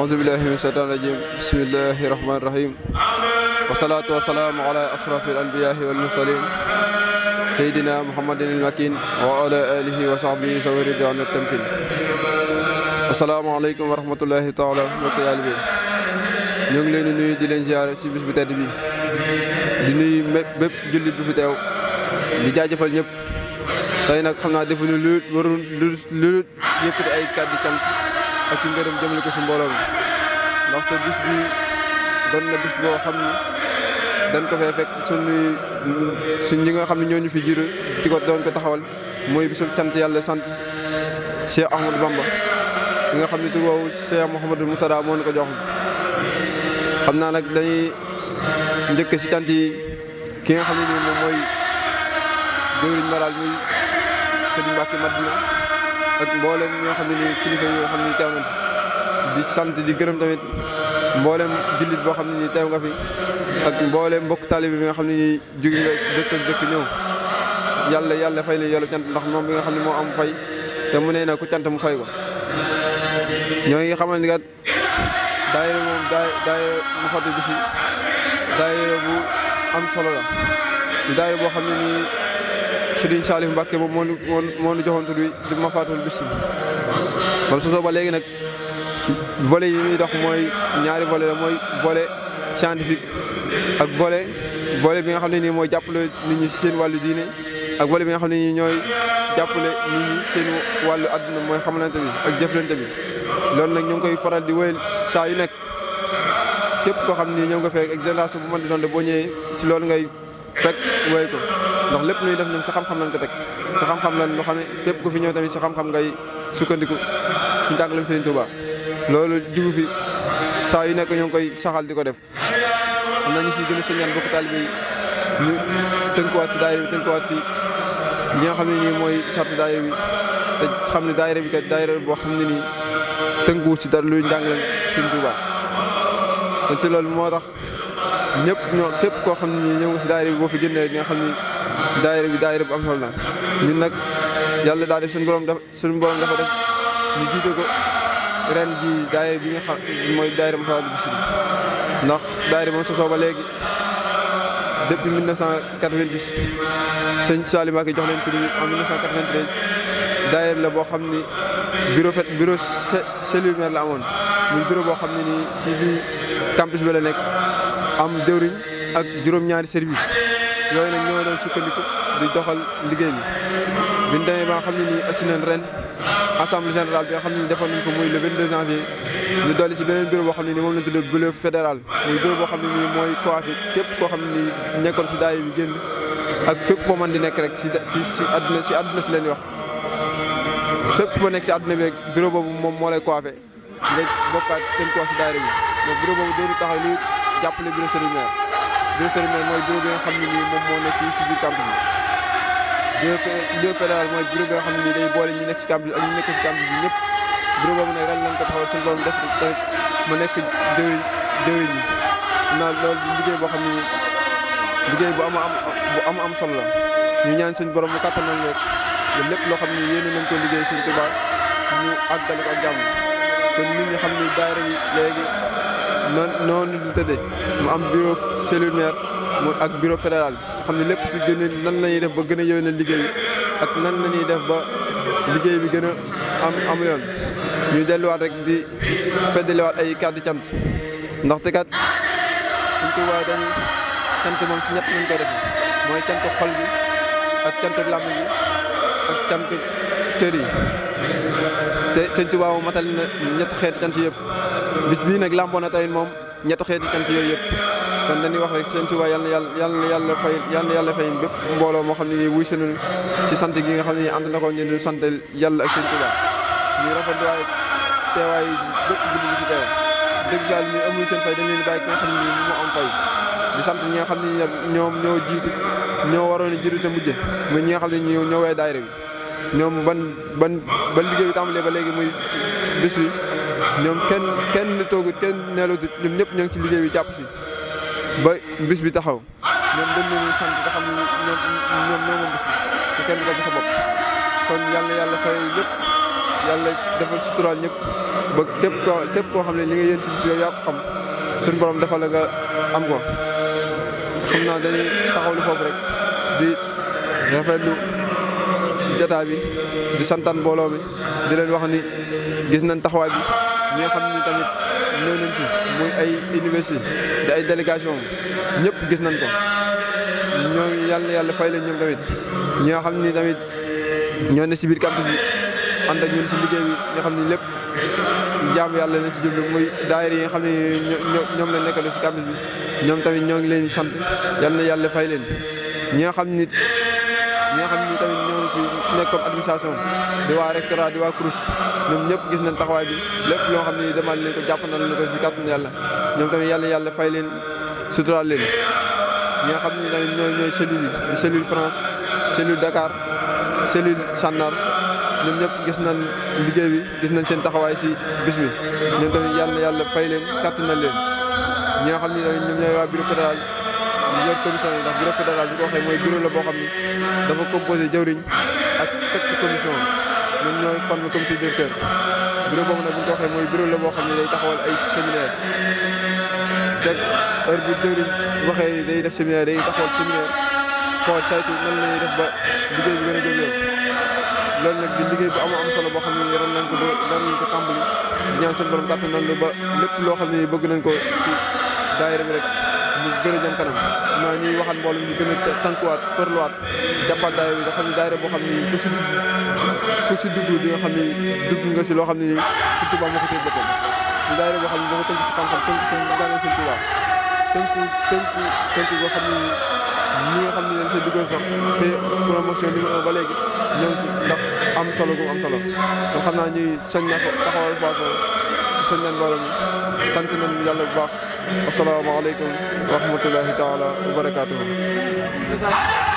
aoudubillahi min sheytan rajim bismillahi rahmani rahim wasalatu wasalaamu ala asrafi alanbiyahi walmursalin seydina muhammadin almakin wa ala alihi wa sahbihi sawi ridwan tamkin asalaamaaleykum wa rahmatullahi taala mbokki yàlla bi ñoo ngi leen di nuyu di leen ziyaare ci bis bu tedd bi di nuyu bépp jullit bu fi teew di jaajëfal ñëpp tey nag xam naa defuñu lu lu lu yëkkati ay kàddu cant ak ci ngërëm jëmale ko su mbooloo mi ndaxte bis bi doon na bis boo xam ni dañ ko fee fekk suñuy suñ ñi nga xam ne ñoo ñu fi jiitu ci ko doon ko taxawal mooy bisu cant yàlla sant Cheikh Ahmadou Bamba mi nga xam ne tur woowu Cheikh moo ñu ko joxoon naa nag dañuy njëkk si cant yi ki nga xam ne nii moom mooy jëwriñ moral muy Sëriñ Mbàkke Madina ak mboolem ñoo xam ne nii kilifa yoo xam ne teew nañ di sant di gërëm tamit mboolem jullit boo xam ne nii teew nga fi ak mboole mbokk taalibe bi nga xam ni nii jóge nga dëkk dëkk ñëw yàlla yàlla fay la yàlla cant ndax moom bi nga xam ne moo am fay te mu nee na ku cant mu fay ko ñoo ngi xamal ni kat daayira moom daayira mu fàtte bi si daayira bu am solo la daayira boo xam ne nii Serigne Saliou Mbacke moom moo ñu moo ñu joxoon tur bi di Mafaatihul Bichri moom sosoo ba léegi nag vole yi muy dox mooy ñaari volet la mooy volet scientifique ak volet volet bi nga xam ne nii mooy jàppale nit ñi si seen wàllu diine ak bi nga xam ne nii ñooy jàppale nit ñi seen wàllu àdduna mooy xamalante bi ak jëflante bi loolu nag ñu ngi koy faral di wéyal saa yu nekk képp koo xam ni ñëw nga fekk ak génération bu ma di doon boo ñëwee si loolu ngay. fekk wéy ko ndax lépp luy def nañ si xam-xam lañ ko teg si xam-xam lañ loo xam ne képp ku fi ñëw tamit si xam-xam ngay sukkandiku si njàngaleem Sëriñ Tuubaa loolu jugu fi saa yu nekk ñoo ngi koy saxal di ko def am na ñu si gën a soññaan bokk taalibe yi ñu tënkuwaat si daayira bi tënkuwaat si li xam ne nii mooy charte daayira bi te xam ne daayira bi kat daayira boo xam ne nii tënkuwut si dara luy njàngaleem Sëriñ Tuubaa kon si loolu moo tax ñëpp ñoo képp koo xam ni ñëw nga si daayira bi boo fi génnee rek nga xam ni daayira bi daayira bu am solo na ñun nag yàlla daal def suñu borom dafa suñu borom dafa def ñu jiite bi nga xam mooy daayira Mafatihoul Bichri ndax daayira moom sosoo ba léegi depuis 1990 sëñ Salim Mbacké jox leen tur en 1993 daayira la boo xam ni bureau fait bureau cellule mère la amoon muy bureau boo xam ne nii si biir campus bi la nekk. am jëwriñ ak juróom-ñaari service yooyu nag ñoo doon sukkandiku di joxal liggéey bi bi ñu demee ba nga xam ne nii assi nañ ren assemblée générale bi nga xam ne nii defoon nañ ko muy le 22 janvier ñu dolli si beneen bureau boo xam ne nii moom lañ tuddee bureau fédéral boo xam ne nii mooy coiffé képp koo xam ne nii nekkoon si daay bi génn ak fépp foo mën di nekk rek si si si àdduna si àdduna si leen wax fépp foo nekk ci àdduna bi rek bureau boobu moom moo lay coiffé nga bokkaat seen koo si daayira bi donc bureau boobu doonu taxaw jàpp bureau cérémonial bureau cérémonial mooy bureau bi nga xam ne nii moom moo nekk fii si biir camp bi bureau fédéral mooy xam ne nii day boole ñu nekk si camp bi ak ñi nekk si camp bi ñëpp ren lañ ko taxawal suñu borom def tamit ma nekk jëwriñ jëwriñ yi naa loolu liggéey boo xam ne nii liggéey bu am am bu am am solo la ñu ñaan seen borom mu kattanal rek lépp loo xam ne yéen nañ ko liggéey suñ Tuubaa ñu àggal ko ak jàmm kon nit ñi xam ne daayira yi léegi noonu noonu la tëddee mu am bureau cellule maire mu ak bureau fédéral nga xam ne lépp ci gën a nan la ñuy def ba gën a yéwénal liggéey ak nan lañuy ñuy def ba liggéey bi gën a am am yoon ñu delluwaat rek di feddaliwaat ay kàdd cant ndaxte kat suñ ko waaye dañuy cant moom si ñett nañ koy def mooy cant xol bi ak cant làmm bi ak cant cër yi te sëñ Tuba moom matal na ñetti xeeti cant yëpp bis bii nag làmboo na tey moom ñett xeeti cant yooyu yëpp kon dañuy wax rek sëñ Tuba yal na yàlla na yàlla fay yal na yàlla fay bépp mbooloo moo xam ne nii wuy seenul si sant gi nga xam ne nii ànd na ko ngeen di sant yàlla ak sëñ Tuba ñu rafetlu waaye teewaay bépp guddi gi fi teew ñu nga xam ne nii mu ñi nga xam ne ñoom ñoo jiitu ñoo waroon a jiitu te mujj ñi nga xam ne ñoo ñoo waay daayira bi ñoom ban ban ban liggéey bi tàmbalee ba léegi muy bis bi ñoom kenn kenn toogut kenn neelut ñoom ñëpp ñoo ngi ci liggéey bi jàpp si ba bis bi taxaw ñoom dañ leen sant nga ne ñoom bis bi kenn dagg sa bopp kon yàlla yàlla fay lépp yàlla defal suturaal ñëpp ba képp koo koo xam ne li nga yéen si bis yow yaa xam suñu borom defal la nga am ko xam naa dañuy taxaw lu foofu rek di rafetlu jotaay bi di santaan mbooloo mi di leen wax ni gis nañ taxawaay bi ñi nga xam ni tamit ñëw ay université di ay délégation ñëpp gis nañ ko ñoo yàlla yàlla fay leen ñoom tamit ñi nga ni tamit ñoo ne si biir campus bi ànd ak ñun si liggéey bi nga xam ni lépp jaamu yàlla leen si jublu muy daayira yi nga xam ne ñoom la nekkal si campus bi ñoom tamit ñoo ngi leen sant yàlla yàlla fay leen xam ni ñi xam ni tamit nekk comme administration di waa rectorat di waa CROUS ñoom ñëpp gis nañ taxawaay bi lépp loo xam ne demal nañ ko jàpp nañ ko si kàttanu yàlla ñoom tamit yàlla yàlla fay leen suturaal leen ñi nga xam ne tamit ñooy ñooy cellules yi di cellule France cellule Dakar cellule Sànnaar ñoom ñëpp gis nañ liggéey bi gis nañ seen taxawaay si bis bi ñoom tamit yàlla yàlla fay leen kàttanal leen ñi nga xam ne tamit ñoom ñooy waa bureau fédéral ñu yor commission yi ndax bureau fédéral bi ko waxee mooy bureau la boo xam ne dafa composé jawriñ ak sept commission ñoom ñooy forme comité directeur bureau boobu nag bu ñu waxee mooy bureau la boo xam ne day taxawal ay séminaire chaque heure bu jëriñ waxee day def séminaire day taxawal séminaire xool saytu nan la ñuy def ba liggéey bi gën a jógee loolu nag di liggéey bu am am solo boo xam ne yoroon nañ ko ba doon nañ ko tàmbali di ñaan seen borom nan la ba lépp loo xam ne bëgg nañ ko si daayira bi rek ñu gën a jëm kanam na ñuy waxat mboolum ñu gën a tànkuwaat farluwaat jàppaat bi nga xam ne daayira boo xam ni ku si dugg ku si dugg di nga xam ni dugg nga si loo xam ne ni si Tuuba moo ko boo xam ne moo ko tënk si xam-xam tënk si daaneel seen Tuuba tënku tënku tënku boo xam ni ñi nga xam ne dañ see duggoon sax te promotion numéro ba léegi ñëw ci ndax am solo gu am solo kon xam naa ñuy soññ na ko taxawal baato soññ nañ mbooloo mi sant nañ yàlla bu baax asalaamaaleykum wa rahmatulahi taala wa barakaatuhu